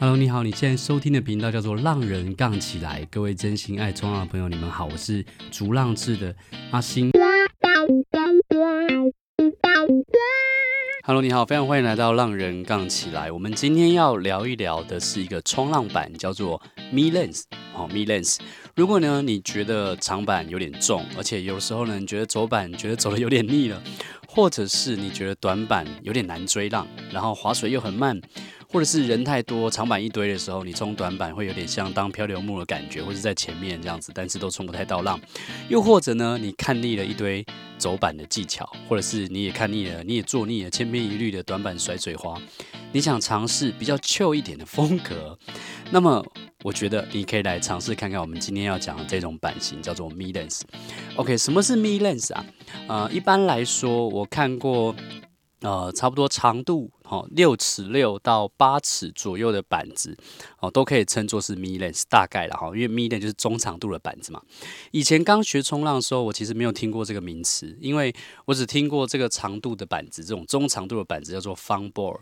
Hello，你好！你現在收聽的頻道叫做《浪人槓起來》，各位真心愛衝浪的朋友，你們好，我是逐浪志的阿星。Hello，你好，非常歡迎來到《浪人槓起來》。我們今天要聊一聊的是一個衝浪板，叫做 Mid Length，哦 Mid Length。如果呢，你覺得長板有點重，而且有時候呢，你覺得走板覺得走的有點膩了，或者是你覺得短板有點難追浪，然後划水又很慢。或者是人太多，長板一堆的時候，你衝短板會有點像當漂流木的感覺，或是在前面這樣子，但是都衝不太到浪。又或者呢，你看膩了一堆走板的技巧，或者是你也看膩了，你也做膩了千篇一律的短板甩水花，你想嘗試比較 Chill 一點的風格，那麼我覺得你可以來嘗試看看我們今天要講的這種版型，叫做 mid length。OK，什麼是 mid length 啊？呃，一般來說我看過，呃，差不多長度。哦，六尺六到八尺左右的板子，哦，都可以稱作是 mid length 大概啦，哈，因為 mid length 就是中長度的板子嘛。以前剛學衝浪的時候，我其實沒有聽過這個名詞，因為我只聽過這個長度的板子，這種中長度的板子叫做 fun board。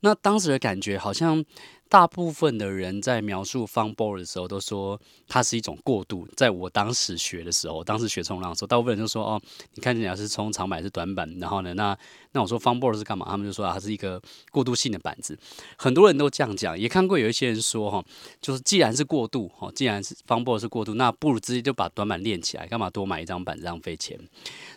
那當時的感覺好像。大部分的人在描述 fun board 的時候，都說它是一種過渡。在我當時學的時候，當時學衝浪的時候，大部分人就說：“哦，你看人家是衝長板還是短板。”然後呢，那那我說 fun board 是幹嘛？他們就說：“啊，它是一個過渡性的板子。”很多人都這樣講。也看過有一些人說：“哈、哦，就是既然是過渡，哈、哦，既然是 fun board 是過渡，那不如直接就把短板練起來，幹嘛多買一張板子浪費錢？”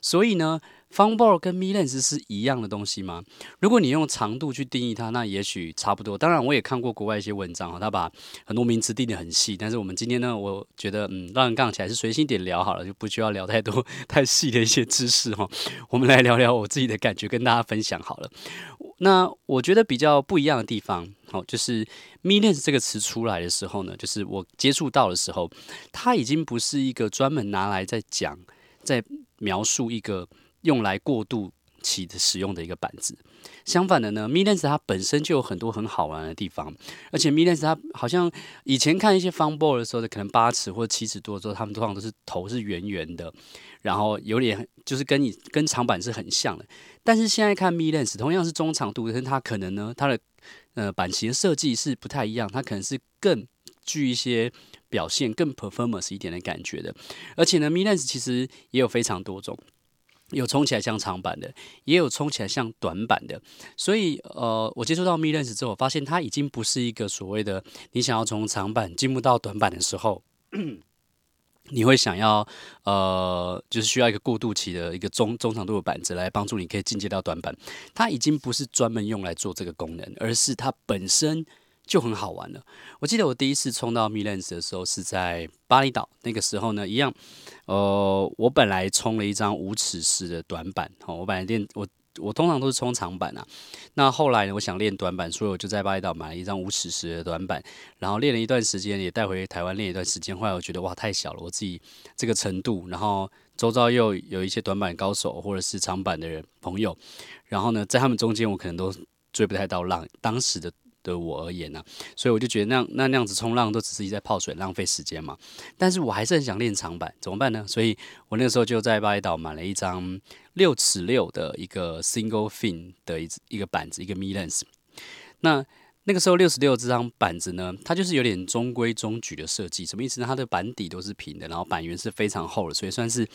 所以呢。Funboard 跟 Mid Length 是一樣的東西嗎？如果你用長度去定義它，那也許差不多。當然，我也看過國外一些文章啊，他把很多名詞定得很細。但是我們今天呢，我覺得嗯，浪人槓起來是隨心點聊好了，就不需要聊太多太細的一些知識哈。我們來聊聊我自己的感覺，跟大家分享好了。那我覺得比較不一樣的地方，好，就是 Mid Length 這個詞出來的時候呢，就是我接觸到的時候，它已經不是一個專門拿來在講、在描述一個。用來過渡期的使用的一個板子，相反的呢 mid length 它本身就有很多很好玩的地方，而且 mid length 它好像以前看一些 fun board 的時候的，可能八尺或七尺多的時候，它們通常都是頭是圓圓的，然後有點就是跟你跟長板是很像的。但是現在看 mid length，同樣是中長度，但是它可能呢，它的呃版型設計是不太一樣，它可能是更具一些表現更 performance 一點的感覺的。而且呢 mid length 其實也有非常多種。有衝起來像長板的，也有衝起來像短板的，所以呃，我接觸到 mid length 之後，我發現它已經不是一個所謂的你想要從長板進步到短板的時候，你會想要呃，就是需要一個過渡期的一個中中長度的板子來幫助你可以進階到短板，它已經不是專門用來做這個功能，而是它本身。就很好玩了。我記得我第一次衝到 mid length 的時候是在巴厘島，那個時候呢，一樣，呃，我本來衝了一張五尺十的短板，哈，我本來練我我通常都是衝長板啊。那後來呢，我想練短板，所以我就在巴厘島買了一張五尺十的短板，然後練了一段時間，也帶回台灣練一段時間。後來我覺得哇，太小了，我自己這個程度，然後周遭又有一些短板高手或者是長板的人朋友，然後呢，在他們中間，我可能都追不太到浪。當時的。對我而言呢、啊，所以我就覺得那那那樣子衝浪都只是一在泡水浪費時間嘛。但是我還是很想練長板，怎麼辦呢？所以我那個時候就在巴厘島買了一張六尺六的一個 single fin 的一一個板子，一個 mid length 那那個時候六尺六這張板子呢，它就是有點中規中矩的設計，什麼意思呢？它的板底都是平的，然後板緣是非常厚的，所以算是。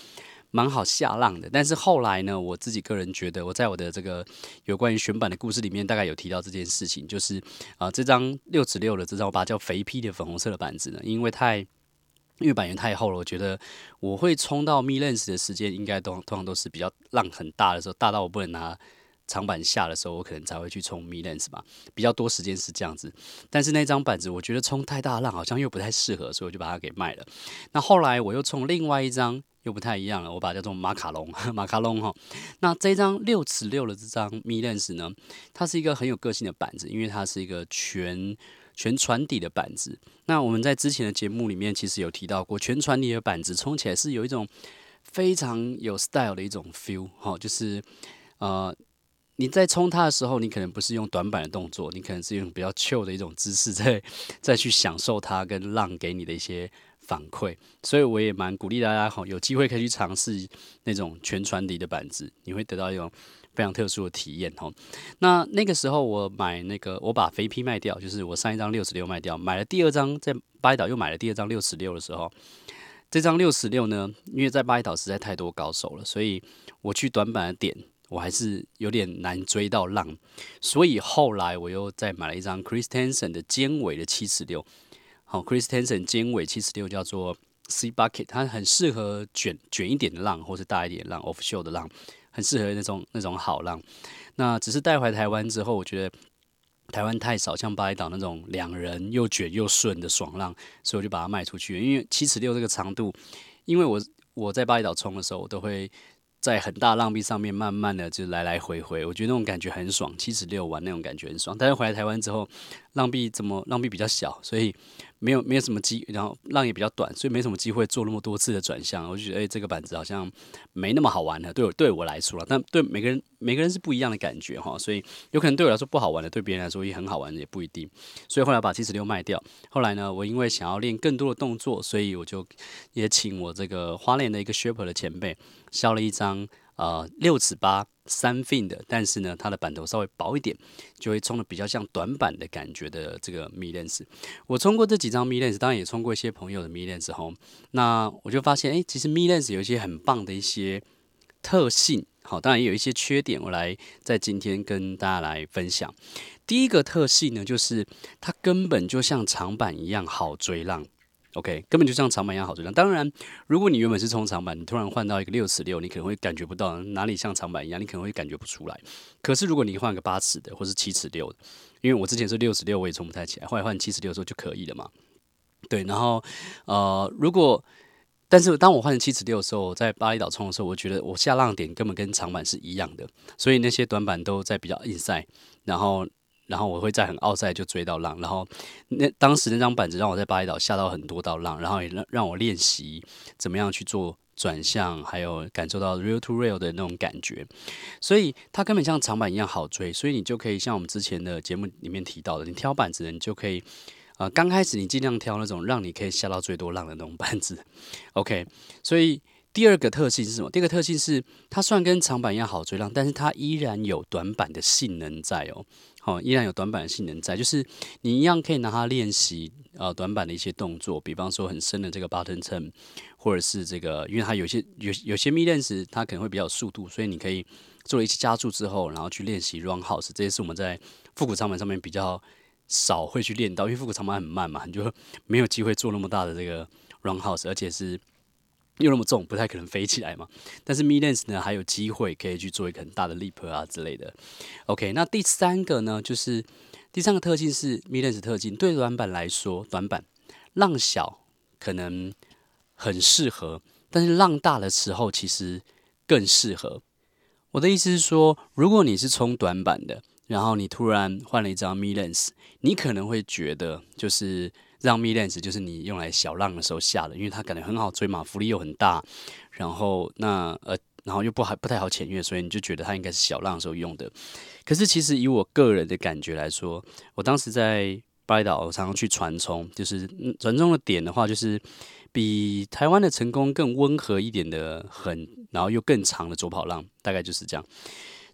蠻好下浪的，但是後來呢，我自己個人覺得，我在我的這個有關於選板的故事裡面，大概有提到這件事情，就是啊、呃，這張六尺六的這張我把它叫肥批的粉紅色的板子呢，因為太因為板源太厚了，我覺得我會衝到密勒斯的時間，應該都通常都是比較浪很大的時候，大到我不能拿長板下的時候，我可能才會去衝 mid length 吧，比較多時間是這樣子。但是那張板子，我覺得衝太大浪好像又不太適合，所以我就把它給賣了。那後來我又衝另外一張，又不太一樣了。我把它叫做馬卡龍，馬卡龍哈。那這張六尺六的這張 mid length 呢，它是一個很有個性的板子，因為它是一個全全船底的板子。那我們在之前的節目裡面其實有提到過，全船底的板子衝起來是有一種非常有 style 的一種 feel 哈，就是呃。你在衝它的時候，你可能不是用短板的動作，你可能是用比較 chill 的一種姿勢，在再去享受它跟浪給你的一些反饋。所以我也蠻鼓勵大家吼，有機會可以去嘗試那種全船底的板子，你會得到一種非常特殊的體驗吼。那那個時候我買那個，我把肥 P 賣掉，就是我上一張六十六賣掉，買了第二張在巴厘島又買了第二張六十六的時候，這張六十六呢，因為在巴厘島實在太多高手了，所以我去短板的點，我還是有點難追到浪，所以後來我又再買了一張 Christenson 的尖尾的七尺六。好，Christenson 尖尾七尺六叫做 C Bucket，它很適合捲捲一點的浪，或是大一點的浪，Offshore 的浪 off，很適合那種那種好浪。那只是帶回台灣之後，我覺得台灣太少像巴厘島那種兩人又捲又順的爽浪，所以我就把它賣出去。因為七尺六這個長度，因為我我在巴厘島衝的時候我都會。在很大浪壁上面，慢慢的就來來回回，我覺得那種感覺很爽。七十六玩那種感覺很爽，但是回來台灣之後，浪壁怎麼浪壁比較小，所以。沒有，沒有什麼機，然後浪也比較短，所以沒什麼機會做那麼多次的轉向。我就覺得，欸，這個板子好像沒那麼好玩了。對我，對我來說，但對每個人，每個人是不一樣的感覺哈。所以，有可能對我來說不好玩的，對別人來說也很好玩，也不一定。所以後來把76賣掉。後來呢，我因為想要練更多的動作，所以我就也請我這個花蓮的一個 shaper 的前輩削了一張。呃，六尺八三 fin 的，但是呢，它的板頭稍微薄一點，就會衝的比較像短板的感覺的這個 mid length。我衝過這幾張 mid length，當然也衝過一些朋友的 mid length 吼。那我就發現，哎、欸，其實 mid length 有一些很棒的一些特性，好，當然也有一些缺點。我來在今天跟大家來分享。第一個特性呢，就是它根本就像長板一樣好追浪。OK，根本就像長板一樣好追上。當然，如果你原本是衝長板，你突然換到一個六尺六，你可能會感覺不到哪裡像長板一樣，你可能會感覺不出來。可是如果你換個八尺的，或是七尺六，因為我之前是六尺六，我也衝不太起來，後來換七尺六的時候就可以了嘛。對，然後呃，如果但是當我換七尺六的時候，在巴厘島衝的時候，我覺得我下浪點根本跟長板是一樣的，所以那些短板都在比較 inside，然後。然後我會在很 outside 就追到浪，然後那當時那張板子讓我在巴厘島下到很多道浪，然後也讓讓我練習怎麼樣去做轉向，還有感受到 real to real 的那種感覺，所以它根本像長板一樣好追，所以你就可以像我們之前的節目裡面提到的，你挑板子你就可以，呃，剛開始你儘量挑那種讓你可以下到最多浪的那種板子，OK，所以。第二個特性是什麼？第二個特性是它雖然跟長板一樣好追浪，但是它依然有短板的性能在哦。好，依然有短板的性能在，就是你一樣可以拿它練習呃短板的一些動作，比方說很深的這個 bottom turn，或者是這個，因為它有些有有些 mid length 時它可能會比較有速度，所以你可以做了一些加速之後，然後去練習 roundhouse，這些是我們在復古長板上面比較少會去練到，因為復古長板很慢嘛，你就沒有機會做那麼大的這個 roundhouse，而且是。又那麼重，不太可能飛起來嘛。但是 mid length 呢，還有機會可以去做一個很大的 leap 啊之類的。OK，那第三個呢，就是第三個特性是 mid length 特性。對短板來說，短板浪小可能很適合，但是浪大的時候其實更適合。我的意思是說，如果你是衝短板的，然後你突然換了一張 mid length，你可能會覺得就是。讓 Mid Length 就是你用來小浪的時候下的，因為它感覺很好追嘛，浮力又很大，然後那呃，然後又不還不太好潛越，所以你就覺得它應該是小浪的時候用的。可是其實以我個人的感覺來說，我當時在巴厘島常常去傳衝，就是、嗯、傳中的點的話，就是比台灣的成功更溫和一點的很，然後又更長的左跑浪，大概就是這樣。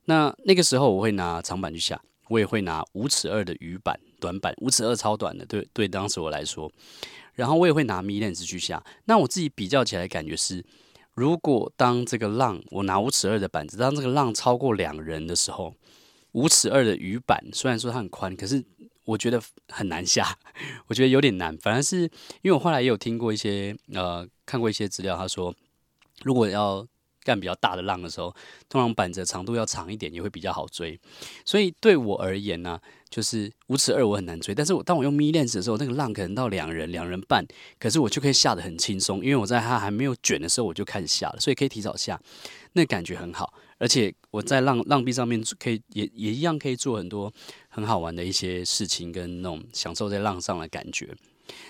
那那個時候我會拿長板去下，我也會拿五尺二的魚板。短板五尺二超短的，對對，當時我來說，然後我也會拿 mid length 去下。那我自己比較起來，感覺是，如果當這個浪，我拿五尺二的板子，當這個浪超過兩人的時候，五尺二的魚板雖然說它很寬，可是我覺得很難下，我覺得有點難。反而是因為我後來也有聽過一些呃，看過一些資料，他說如果要。幹比較大的浪的時候，通常板子長度要長一點，也會比較好追。所以對我而言呢、啊，就是五尺二我很難追，但是我當我用 mid length 子的時候，那個浪可能到兩人、兩人半，可是我就可以下得很輕鬆，因為我在它還沒有捲的時候我就開始下了，所以可以提早下，那感覺很好。而且我在浪浪壁上面可以也也一樣可以做很多很好玩的一些事情，跟那種享受在浪上的感覺。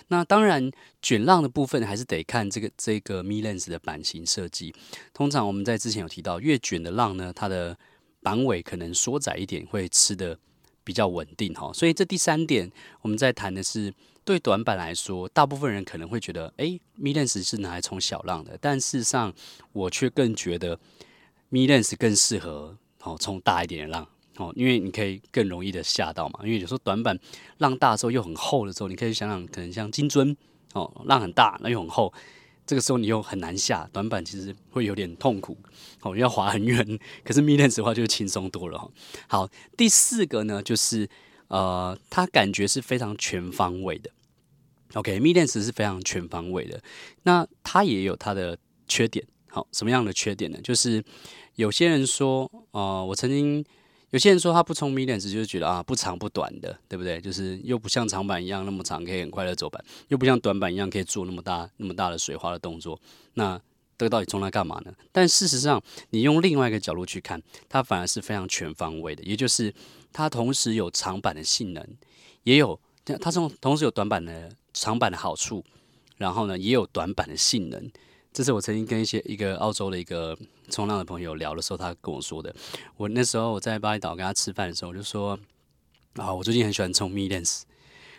那當然，捲浪的部分還是得看這個這個米 l e n s 的版型設計。通常我們在之前有提到，越捲的浪呢，它的板尾可能縮窄一點，會吃的比較穩定哈。所以這第三點，我們在談的是對短板來說，大部分人可能會覺得，m 米 l e n s 是拿來衝小浪的，但事實上，我卻更覺得米 l e n s s 更適合哦衝大一點的浪。哦，因為你可以更容易的下到嘛，因為有時候短板浪大之後又很厚的時候，你可以想想，可能像金樽哦，浪很大，那又很厚，這個時候你又很難下，短板其實會有點痛苦哦，要滑很遠。可是 mid length 的話就輕鬆多了。好，第四個呢，就是呃，它感覺是非常全方位的 OK。OK，mid length 是非常全方位的，那它也有它的缺點。好，什麼樣的缺點呢？就是有些人說，哦，我曾經。有些人說他不充 mid length，就是覺得啊不長不短的，對不對？就是又不像長板一樣那麼長，可以很快的走板，又不像短板一樣可以做那麼大那麼大的水花的動作。那這個到底充來幹嘛呢？但事實上，你用另外一個角度去看，它反而是非常全方位的，也就是它同時有長板的性能，也有它同時有短板的長板的好處，然後呢也有短板的性能。這是我曾經跟一些一個澳洲的一個。衝浪的朋友聊的時候，他跟我說的。我那時候我在巴厘島跟他吃飯的時候，我就說：“啊，我最近很喜歡衝 mid length。”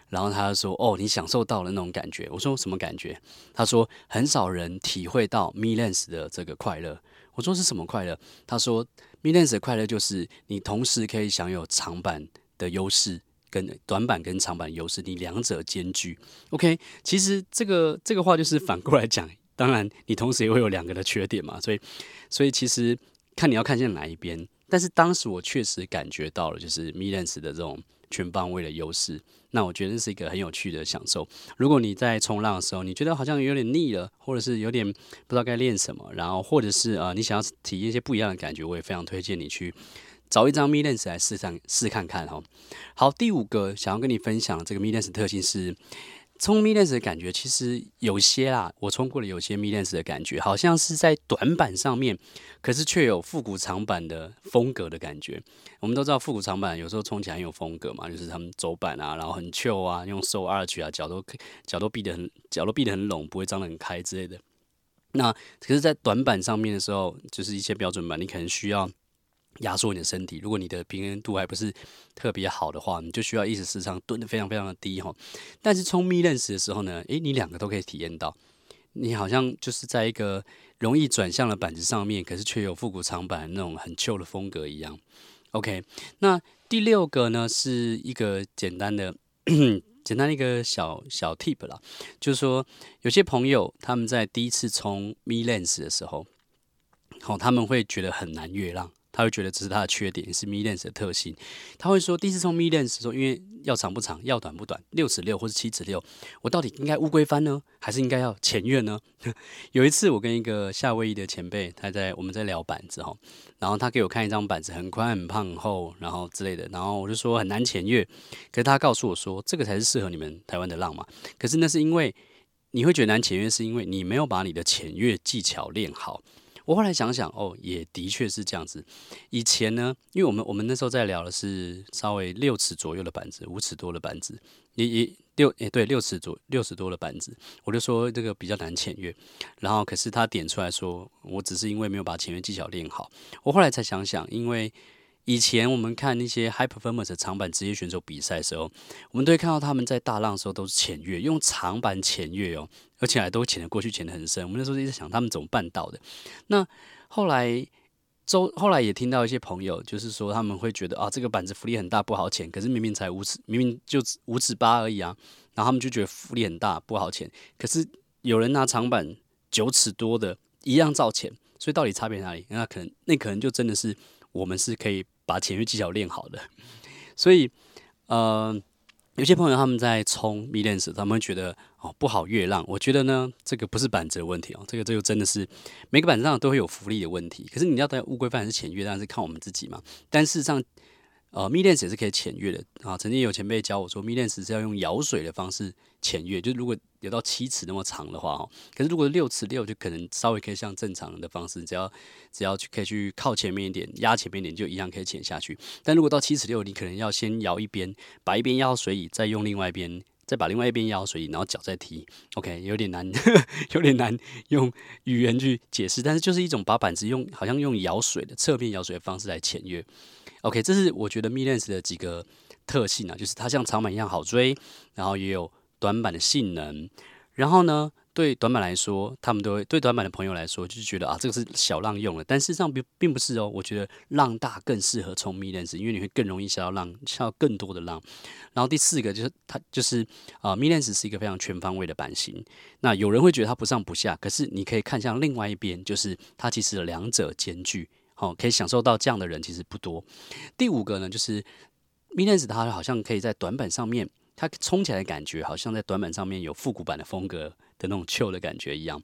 然後他就說：“哦，你享受到了那種感覺。”我說：“什麼感覺？”他說：“很少人體會到 mid length 的這個快樂。”我說：“是什麼快樂？”他說：“mid length 的快樂就是你同時可以享有長板的優勢跟短板跟長板的優勢，你兩者兼具。”OK，其實這個這個話就是反過來講。當然，你同時也會有兩個的缺點嘛，所以，所以其實看你要看見哪一邊。但是當時我確實感覺到了，就是 mid length 的這種全方位的優勢。那我覺得這是一個很有趣的享受。如果你在衝浪的時候，你覺得好像有點膩了，或者是有點不知道該練什麼，然後或者是啊、呃，你想要體驗一些不一樣的感覺，我也非常推薦你去找一張 mid length 來試上試看看哈、哦。好，第五個想要跟你分享的這個 mid length 特性是。衝 mid length 的感覺其實有些啦，我衝過了有些 mid length 的感覺，好像是在短板上面，可是卻有復古長板的風格的感覺。我們都知道復古長板有時候衝起來很有風格嘛，就是他們走板啊，然後很 chill 啊，用 soul arch 啊，腳都腳都併得很，腳都併得很攏，不會張得很開之類的。那可是，在短板上面的時候，就是一些標準板，你可能需要。壓縮你的身體，如果你的平衡度還不是特別好的話，你就需要一直時常蹲的非常非常的低哈。但是衝 mid length 的時候呢，誒，你兩個都可以體驗到，你好像就是在一個容易轉向的板子上面，可是卻有復古長板那種很 chill 的風格一樣。OK，那第六個呢，是一個簡單的、簡單的一個小小 tip 啦，就是說有些朋友他們在第一次衝 mid length 的時候，好、哦，他們會覺得很難越浪。他會覺得這是他的缺點，也是 mid length 的特性。他會說，第一次衝 mid length 時說，因為要長不長，要短不短，六尺六或是七尺六，我到底應該烏龜翻呢，還是應該要潛越呢？ 有一次，我跟一個夏威夷的前輩，他在我們在聊板子哦，然後他給我看一張板子，很寬、很胖、很厚，然後之類的，然後我就說很難潛越，可是他告訴我說，這個才是適合你們台灣的浪嘛。可是那是因為你會覺得難潛越，是因為你沒有把你的潛越技巧練好。我後來想想，哦，也的確是這樣子。以前呢，因為我們我們那時候在聊的是稍微六尺左右的板子，五尺多的板子，也也六哎、欸、對，六尺左六尺多的板子，我就說這個比較難潛越。然後，可是他點出來說，我只是因為沒有把潛越技巧練好。我後來才想想，因為。以前我們看那些 high performance 的長板職業選手比賽的時候，我們都會看到他們在大浪的時候都是潛越，用長板潛越哦，而且還都潛得過去，潛得很深。我們那時候一直想，他們怎麼辦到的？那後來，周後來也聽到一些朋友，就是說他們會覺得啊，這個板子浮力很大，不好潛。可是明明才五尺，明明就五尺八而已啊，然後他們就覺得浮力很大，不好潛。可是有人拿長板九尺多的，一樣照潛。所以到底差別哪裡？那可能那可能就真的是我們是可以。把潛越技巧練好的，所以呃，有些朋友他們在衝 mid length 時，他們會覺得哦，不好越浪。我覺得呢，這個不是板子的問題哦，這個這個真的是每個板子上都會有浮力的問題。可是你要在烏龜翻還是潛越浪是看我們自己嘛。但事實上。呃，mid length 也是可以潛越的啊。曾經有前輩教我說，mid length 是要用舀水的方式潛越。就是如果有到七尺那麼長的話哦，可是如果六尺六就可能稍微可以像正常的方式，只要只要去可以去靠前面一點，壓前面一點就一樣可以潛下去。但如果到七尺六，你可能要先舀一邊，把一邊壓到水裡，再用另外一邊。再把另外一邊舀水，然後腳再踢。OK，有點難， 有點難用語言去解釋，但是就是一種把板子用好像用舀水的側面舀水的方式來簽約。OK，這是我覺得 mid length 的幾個特性啊，就是它像長板一樣好追，然後也有短板的性能，然後呢。對短板來說，他們都會對短板的朋友來說，就是覺得啊，這個是小浪用的，但事實上並並不是哦。我覺得浪大更適合衝 mid length 因為你會更容易下到浪，下到更多的浪。然後第四個就是它就是啊，mid length 是一個非常全方位的版型。那有人會覺得它不上不下，可是你可以看向另外一邊，就是它其實有兩者兼具，好、哦、可以享受到這樣的人其實不多。第五個呢，就是 mid length 它好像可以在短板上面，它衝起來的感覺好像在短板上面有復古版的風格的那種 chill 的感覺一樣。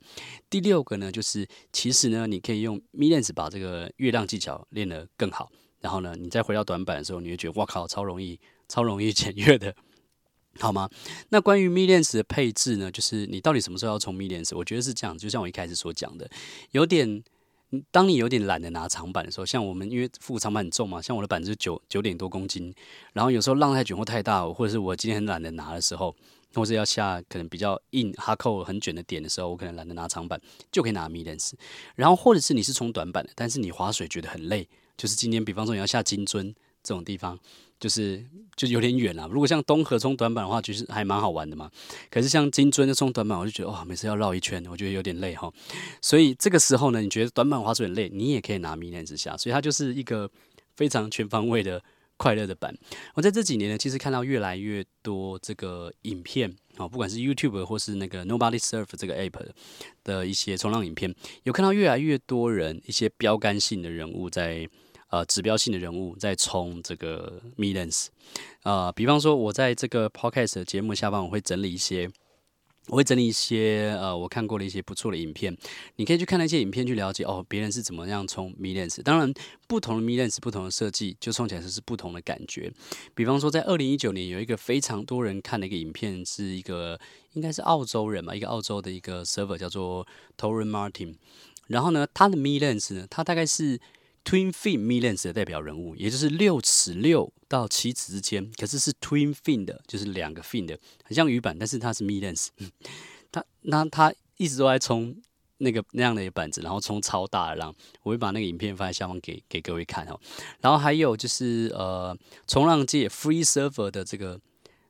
第六個呢，就是其實呢，你可以用 Mid Length 把這個越浪技巧練得更好。然後呢，你再回到短板的時候，你會覺得哇靠，超容易，超容易檢閱的，好嗎？那關於 Mid Length 的配置呢，就是你到底什麼時候要衝 Mid Length？我覺得是這樣，就像我一開始所講的，有點，當你有點懶得拿長板的時候，像我們因為負長板很重嘛，像我的板就是九九點多公斤。然後有時候浪太捲或太大，或者是我今天很懶得拿的時候。或者要下可能比較硬，哈扣很捲的點的時候，我可能懶得拿長板，就可以拿 mid length。然後或者是你是衝短板的，但是你划水覺得很累，就是今天比方說你要下金樽這種地方，就是就有點遠了。如果像東河衝短板的話，其、就、實、是、還蠻好玩的嘛。可是像金樽的衝短板，我就覺得哇、哦，每次要繞一圈，我覺得有點累哈、哦。所以這個時候呢，你覺得短板划水很累，你也可以拿 mid length 下。所以它就是一個非常全方位的。快樂的版。我在這幾年呢，其實看到越來越多這個影片啊，不管是 YouTube 或是那個 Nobody Surf 這個 App 的一些衝浪影片，有看到越來越多人一些標杆性的人物在呃，指標性的人物在衝這個 mid length 啊，比方說我在這個 Podcast 的節目下方我會整理一些。我會整理一些，呃，我看過的一些不錯的影片，你可以去看那些影片去了解哦，別人是怎麼樣衝 mid length，當然，不同的 mid length，不同的設計，就衝起來是不同的感覺。比方說在2019，在二零一九年有一個非常多人看的一個影片，是一個應該是澳洲人嘛，一個澳洲的一個 server 叫做 Torren Martin，然後呢，他的 mid length 呢，他大概是。Twin fin mid length 的代表人物，也就是六尺六到七尺之間，可是是 twin fin 的，就是兩個 fin 的，很像魚板，但是它是 mid length、嗯、他那他,他一直都在衝那個那樣的一板子，然後衝超大的浪。我會把那個影片放在下方給給各位看哦。然後還有就是呃，衝浪界 free surfer 的這個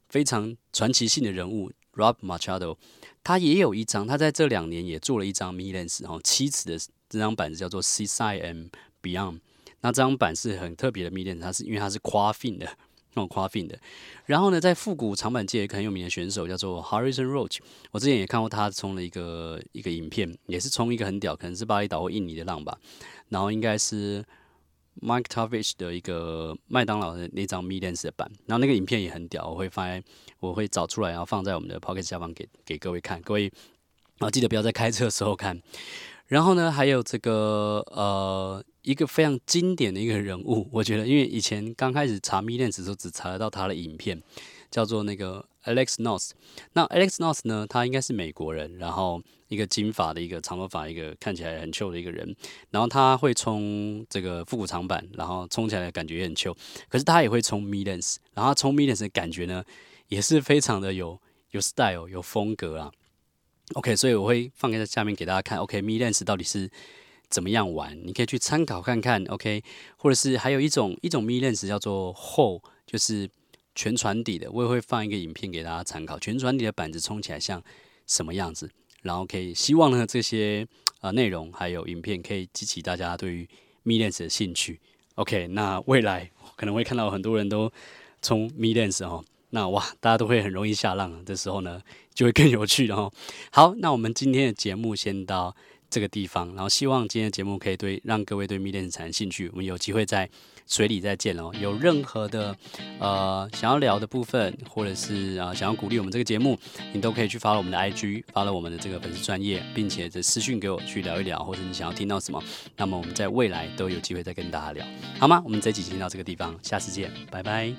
非常傳奇性的人物 Rob Machado，他也有一張，他在這兩年也做了一張 mid length 然後七尺的這張板子叫做 C-SIM。Beyond，那這張板是很特別的 mid length，它是因為它是誇 fin 的，那、嗯、種誇 fin 的。然後呢，在復古長板界很有名的選手叫做 Harrison Roach，我之前也看過他衝了一個一個影片，也是衝一個很屌，可能是巴厘島或印尼的浪吧。然後應該是 Mike Tavish 的一個麥當勞的那張 mid length 的板。然後那個影片也很屌，我會發，我會找出來，然後放在我們的 Pocket 下方給給各位看，各位啊，記得不要在開車的時候看。然後呢，還有這個呃，一個非常經典的一個人物，我覺得，因為以前剛開始查 mid length 的時候，只查得到他的影片，叫做那個 Alex Knost。那 Alex Knost 呢，他應該是美國人，然後一個金髮的一個長頭髮，一個看起來很 cool 的一個人。然後他會衝這個復古長板，然後衝起來的感覺也很 cool，可是他也會衝 mid length，然後衝 mid length 的感覺呢，也是非常的有有 style 有風格啊。OK，所以我會放在下面給大家看。OK，m、okay, e mid length 到底是怎麼樣玩？你可以去參考看看。OK，或者是還有一種一種 m e mid length 叫做 Hull，就是全船底的。我也會放一個影片給大家參考，全船底的板子衝起來像什麼樣子？然後可以，希望呢這些啊、呃、內容還有影片可以激起大家對於 m e mid length 的興趣。OK，那未來可能會看到很多人都 m 衝 mid length 哦。那哇，大家都會很容易下浪這時候呢，就會更有趣哦。好，那我們今天的節目先到這個地方，然後希望今天的節目可以對讓各位對 mid length 產生興趣。我們有機會在水裡再見哦。有任何的呃想要聊的部分，或者是啊、呃、想要鼓勵我們這個節目，你都可以去發了我們的 IG，發了我們的這個粉絲專頁，並且私訊給我去聊一聊，或者你想要聽到什麼，那麼我們在未來都有機會再跟大家聊，好嗎？我們這集先到這個地方，下次見，拜拜。